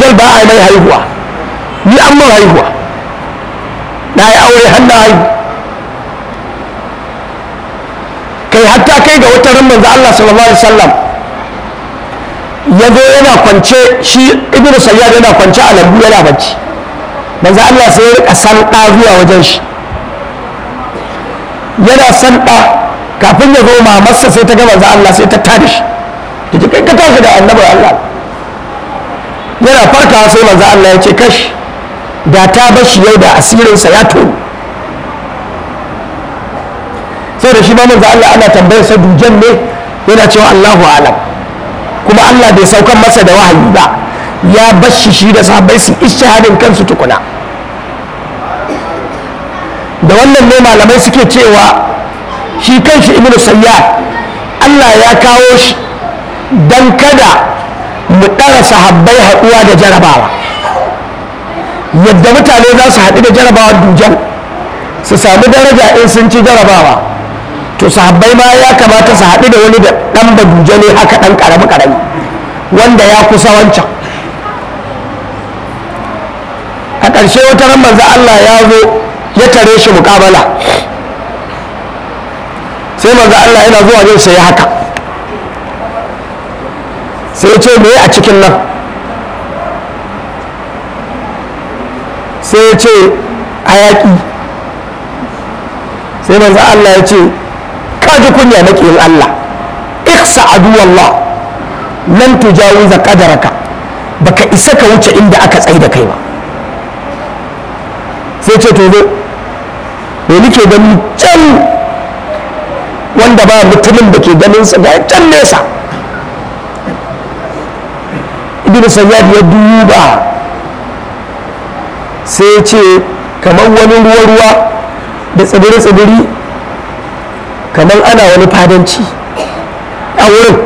Jalba ba a mai haihuwa ni an mun haihuwa na yi aure har na haihu kai hatta kai ga wata ran manzo Allah sallallahu alaihi wasallam ya yana kwance shi ibnu sayyad yana kwance a lambu yana bacci manzo Allah sai ya rika san zuwa wajen shi yana san kafin ya zo mamarsa sai ta ga manzo Allah sai ta tada shi ta ji kai ka tashi da annabar Allah yana fartawa sai manzo Allah ya ce kash da ta bashi yau da asirin sa ya tono sai da shi ba manzo Allah ana tambayar sa dujan ne yana cewa Allahu alam kuma Allah bai saukan masa da wahayi ba ya bashi shi da sahabbai su ishahadin kansu tukuna da wannan ne malamai suke cewa shi kanshi ibnu sayyad Allah ya kawo shi dan kada mu ɗara sahabbai haɗuwa da jarabawa yadda mutane za su haɗu da jarabawa dujan su sami daraja in sun ci jarabawa to sahabbai ma ya kamata su haɗu da wani da ɗan duje ne haka ɗan ƙarami ƙarami wanda ya kusa wancan a ƙarshe wata ran manzo Allah ya zo ya tare shi muƙabala sai manzo Allah yana zuwa yin sai haka sai ce me a cikin nan sai ce hayaki sai manzo Allah ya ce kaji kunya na ƙin Allah iksa aduwallah lan tujawiza qadaraka baka isa ka wuce inda aka tsai da kai ba sai ce to zo me nake ganin can wanda ba mutumin da ke ganin sa ga can nesa ibn sayyad ya duba sai ya ce kamar wani ruwa-ruwa da tsibiri-tsibiri kamar ana wani fadanci a wurin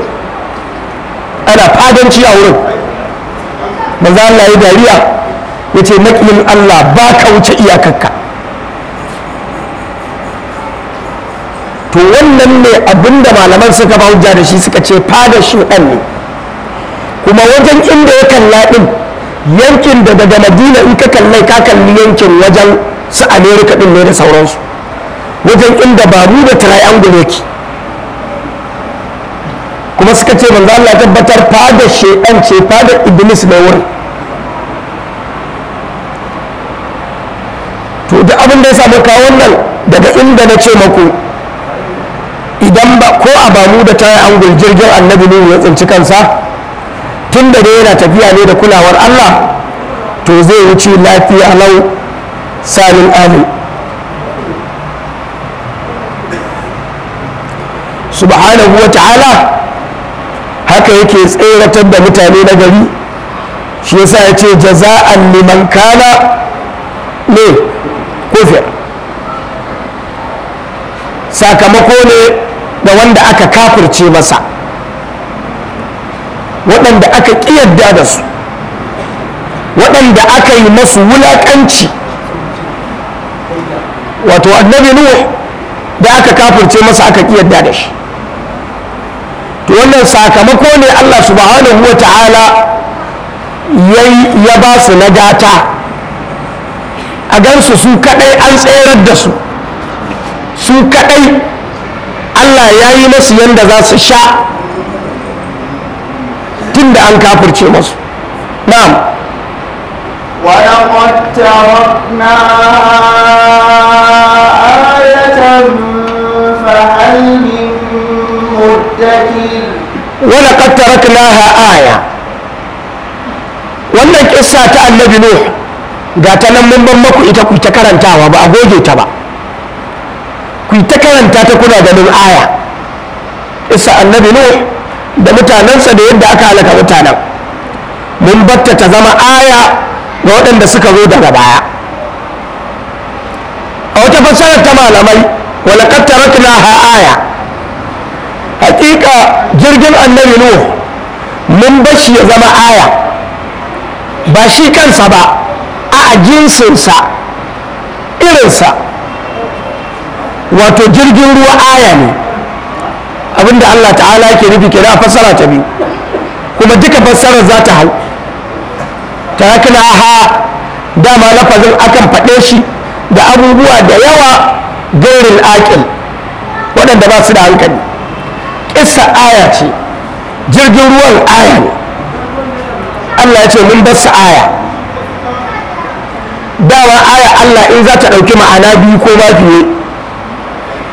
ana fadanci a wurin maza Allah ya dariya ya ce maƙin Allah ba ka wuce iyakarka to wannan ne abinda malaman suka ba hujja da shi suka ce fadashin shi ne kuma wajen inda ya kalla din yankin da daga madina in ka kallai ka kalli yankin wajen su america din ne da sauransu wajen inda babu da triangle yake kuma suka ce manzo Allah tabbatar da shedan ce da iblis da wurin to da abin da ya samu kawo wannan daga inda na ce maku idan ba ko a bamu da triangle jirgin annabi ne ya tsinci kansa tun da dai yana tafiya ne da kulawar Allah to zai wuce lafiya lau samin amin subhanahu wa ta'ala haka yake tseratar da mutane na gari shi yasa ya ce jaza'an liman kana ne kufir sakamako ne da wanda aka kafirce masa waɗanda aka ƙiyarda da su waɗanda aka yi masu wulaƙanci wato annabi nuhu da aka kafirce masa aka ƙiyarda da shi to wannan sakamako ne allah subhanahu wa ta'ala ya ba su na gata a gansu su kaɗai an tserar da su su kaɗai allah ya yi masu yadda za su sha tun da an kafirce masu na'am ولقد تركنا آية فهل من مدكر ولقد تركناها آية wannan kissa ta annabi nuh ga ta nan mun ban maku ita ku ta karantawa ba a goge ta ba ku ta karanta ta kuna ganin aya kissa annabi nuh da mutanensa da yadda aka halaka mutanen mun batta ta zama aya ga waɗanda suka zo daga baya a wata fassarar ta malamai walakar tarakna ha aya hakika jirgin annabi nuhu mun bashi ya zama aya ba shi kansa ba a jinsinsa irinsa wato jirgin ruwa aya ne abinda Allah ta'ala yake nufi ke da fassara ta biyu kuma duka fassarar za ta hau tarakna ha dama lafazin akan faɗe shi da abubuwa da yawa gairin aƙil waɗanda ba su da hankali ƙissa aya ce jirgin ruwan aya ne Allah ya ce mun bar aya dama aya Allah in za ta ɗauki ma'ana biyu ko ma fiye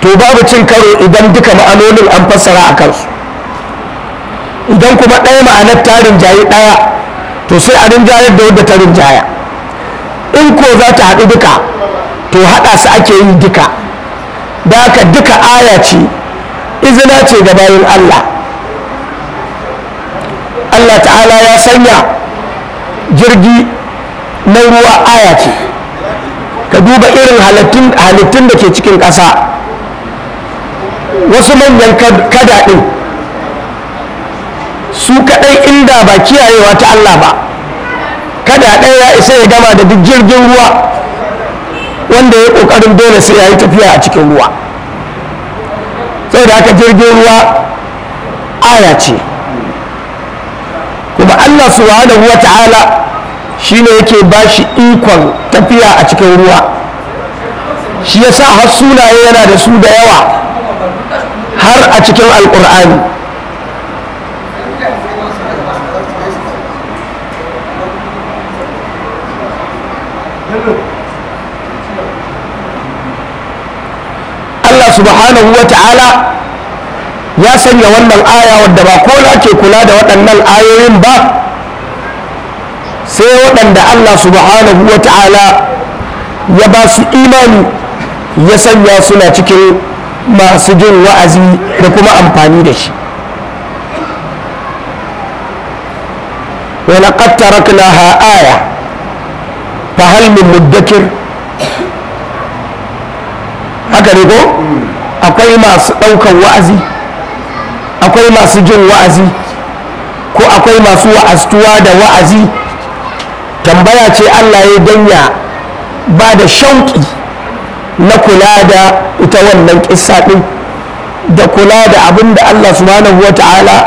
to babu cin karo idan duka ma'anonin an fassara a kansu idan kuma ɗaya ma'anar ta rinjaye ɗaya to sai a rinjayar da wadda ta rinjaya in ko za ta haɗu duka to haɗa su ake yi duka da haka duka aya ce izina ce ga bayan allah allah ta'ala ya sanya jirgi na ruwa aya ce ka duba irin halittun da ke cikin ƙasa wasu manyan kada su kaɗai inda ba kiyayewa ta Allah ba kada ɗaya ya isa ya gama da duk jirgin ruwa wanda ya ƙoƙarin dole sai ya yi tafiya a cikin ruwa sai da haka jirgin ruwa aya ce kuma Allah su wa ta'ala ne yake ba shi ikon tafiya a cikin ruwa shi ya sa har sunaye yana da su da yawa har a cikin alkur'ani Allah subhanahu wa ta'ala ya sanya wannan aya wadda ba kola ke kula da waɗannan ayoyin ba sai waɗanda Allah subhanahu wa ta'ala ya ba su imani ya sanya suna cikin masu jin wa'azi da kuma amfani da shi ولقد تركناها آية فهل من مدكر haka ne ko akwai masu ɗaukan wa'azi akwai masu jin wa'azi ko akwai masu wa'astuwa da wa'azi tambaya ce allah ya danya ba da shauƙi na kula da ita wannan kissa ɗin da kula da abin da Allah subhanahu wa ta'ala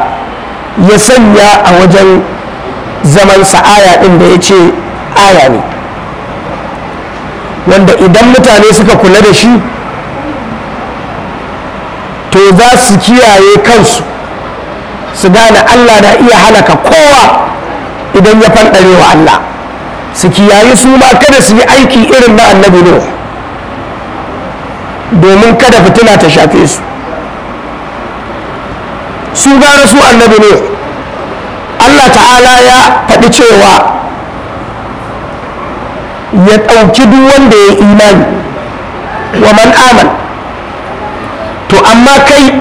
ya sanya a wajen zaman sa'aya ɗin da ya ce aya ne wanda idan mutane suka kula da shi to za su kiyaye kansu su gane Allah na iya halaka kowa idan ya fanɗare wa Allah su kiyaye su ma kada su yi aiki irin na annabi Nuhu domin kada fitina ta shafe su su gara su annabi ne allah ta'ala ya faɗi cewa ya ɗauki duk wanda ya imani wa man aman to amma kai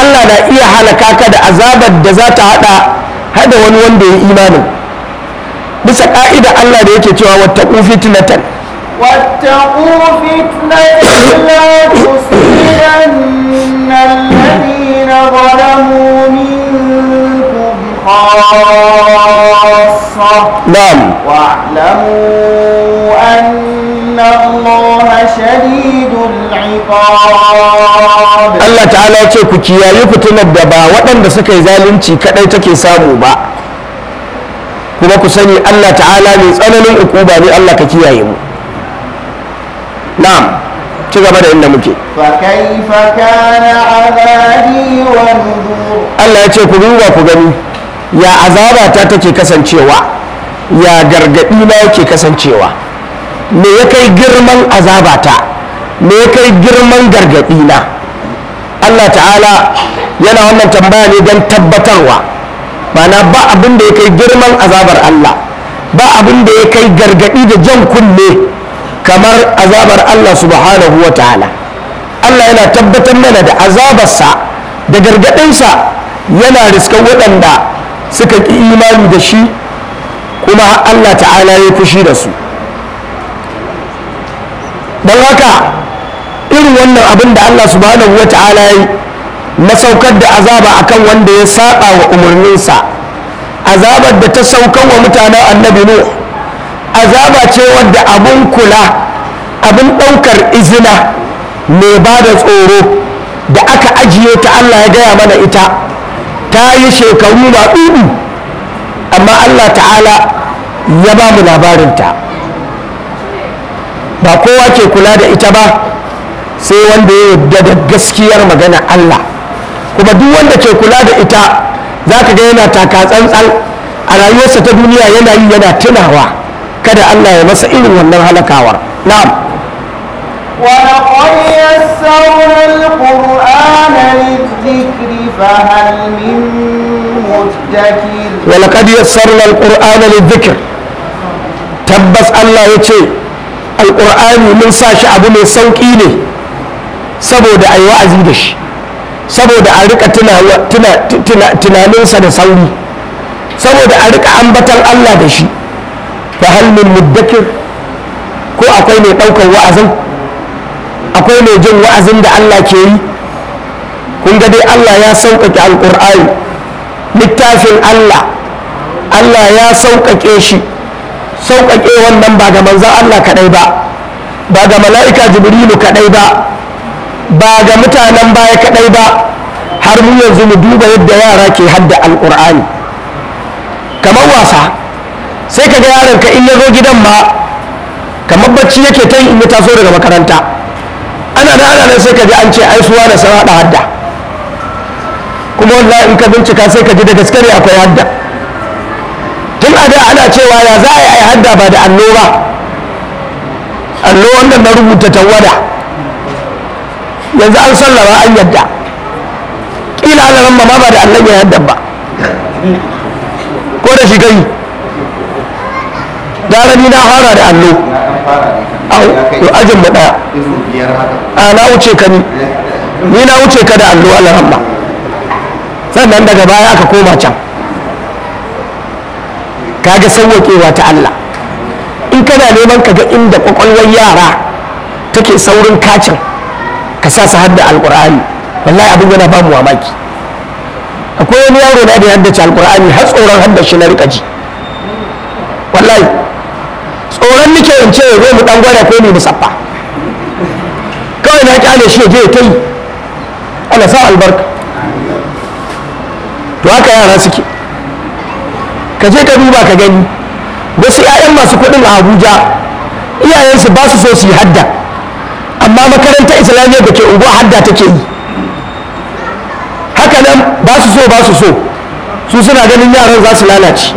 allah na iya halaka ka da azabar da za ta haɗa haɗa wani wanda ya imanin bisa ƙa'ida allah da yake cewa wata fitinatan Waccen kurfin zai zama da shi don kusan lallai na baramu Allah Ta'ala ya ce ku kiyayi fitular da ba waɗanda suka yi zalunci kaɗai take samu ba, kuma ku sani Allah Ta'ala mai tsananin in ne Allah ka kiyaye mu. na'am ci gaba da inda muke Allah ya ce ku duba ku gani ya azaba ta take kasancewa ya gargaɗi na yake kasancewa me ya kai girman azabata? me ya kai girman gargaɗi na Allah ta'ala yana wannan tambaya ne don tabbatarwa Bana ba abin da ya kai girman azabar Allah ba abin da ya kai gargaɗi da jan kunne kamar azabar Allah subhanahu wa ta'ala Allah yana tabbatar mana da azabarsa da gargaɗinsa yana riskan waɗanda suka ƙi imani da shi kuma Allah ta'ala ya fushi da su don haka irin wannan abin da Allah subhanahu wa ta'ala ya na saukar da azaba akan wanda ya saba wa umarninsa azabar da ta saukan wa mutanen annabi Nuh azaba ce wadda abin kula abin ɗaukar izina mai ba da tsoro da aka ajiye ta allah ya gaya mana ita ta yi shekaru ba ɗudu amma allah ta'ala ya ba mu labarinta ba kowa ke kula da ita ba sai wanda ya yadda da gaskiyar magana allah kuma duk wanda ke kula da ita za ka ga yana taka tsantsan a rayuwarsa ta duniya yana yi yana tunawa kada Allah ya masa irin wannan halakawar na'am ولقد يسرنا القرآن للذكر فهل من مدكر ولقد يسرنا القرآن للذكر تبس الله يتي القرآن من ساش أبو من سوكيني saboda a yi wa'azi da shi saboda a rika tunaninsa da sauri saboda a rika ambatan Allah da shi fa hal min muddakir ko akwai mai ɗaukar wa'azin akwai mai jin wa'azin da Allah ke yi kun ga dai Allah ya sauƙaƙe alƙur'ani littafin Allah Allah ya sauƙaƙe shi sauƙaƙe wannan ba ga manzan Allah kaɗai ba ba ga mala'ika jibrilu kaɗai ba ba ga mutanen baya kaɗai ba har mu yanzu mu duba yadda yara ke hadda alƙur'ani kamar wasa sai ka ga yaron ka in ya zo gidan ma kamar bacci yake ta yi in ya taso daga makaranta ana da ana sai ka ji an ce ai suwa da sana hadda kuma wallahi in ka bincika sai ka ji da gaske ne akwai hadda tun a da ana cewa ya za a yi hadda ba da allo ba allo wannan na rubuta tawada yanzu an sallama an yadda kila ana nan ma ba da allon ya hadda ba ko da shi gani gara ni na fara da allo to ajin mu daya a na wuce ka ni ni na wuce ka da allo alhamma sannan daga baya aka koma can kaga sauwaƙewa ta Allah in kana neman ka ga inda kwakwalwar yara take saurin kacin ka sa su hadda alƙur'ani wallahi abin yana ba mu mamaki akwai wani yaro na da haddace alƙur'ani har tsoron hadda shi na riƙa ji wallahi tsoron nike in ce zo mu dan gwada ko mu musaffa kawai na kyale shi je ta yi Allah sa albarka to haka yara suke ka je ka duba ka gani wasu 'ya'yan masu kuɗin a abuja iyayensu ba su so su yi hadda amma makaranta islamiyya da ke unguwa hadda take yi haka nan ba su so ba su so su suna ganin yaran za su lalace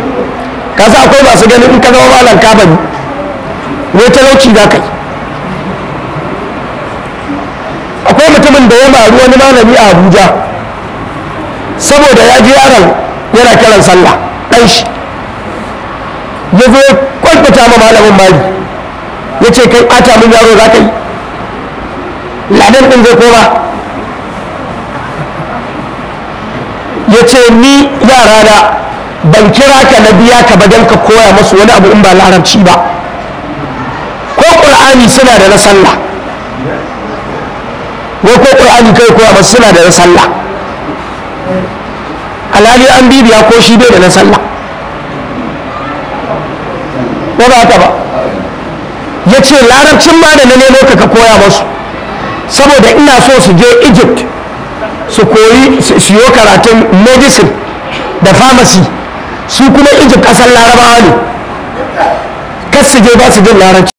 kasa akwai masu ganin in ka zama malam ka wai talauci za ka yi akwai mutumin da ya maru wani malami a abuja saboda ya ji yaron yana kiran sallah ɗan shi ya zo kwalfata ma malamin mali ya ce kai ɓata min yaro za ka yi ladan ɗin zai koma ya ce ni yara na, ban kira ka na biya ka ba don ka koya masu wani abu in ba larabci ba ko ƙur'ani suna da na sallah ko ko ƙur'ani kai koya ba suna da na sallah alhali an bibiya ko shi bai da na sallah ko ba haka ba ya ce larabcin ma da na nemo ka ka koya masu saboda ina so su je egypt su koyi su yi karatun medicine da pharmacy su kuma egypt kasar larabawa ne kasu je ba su jin larabci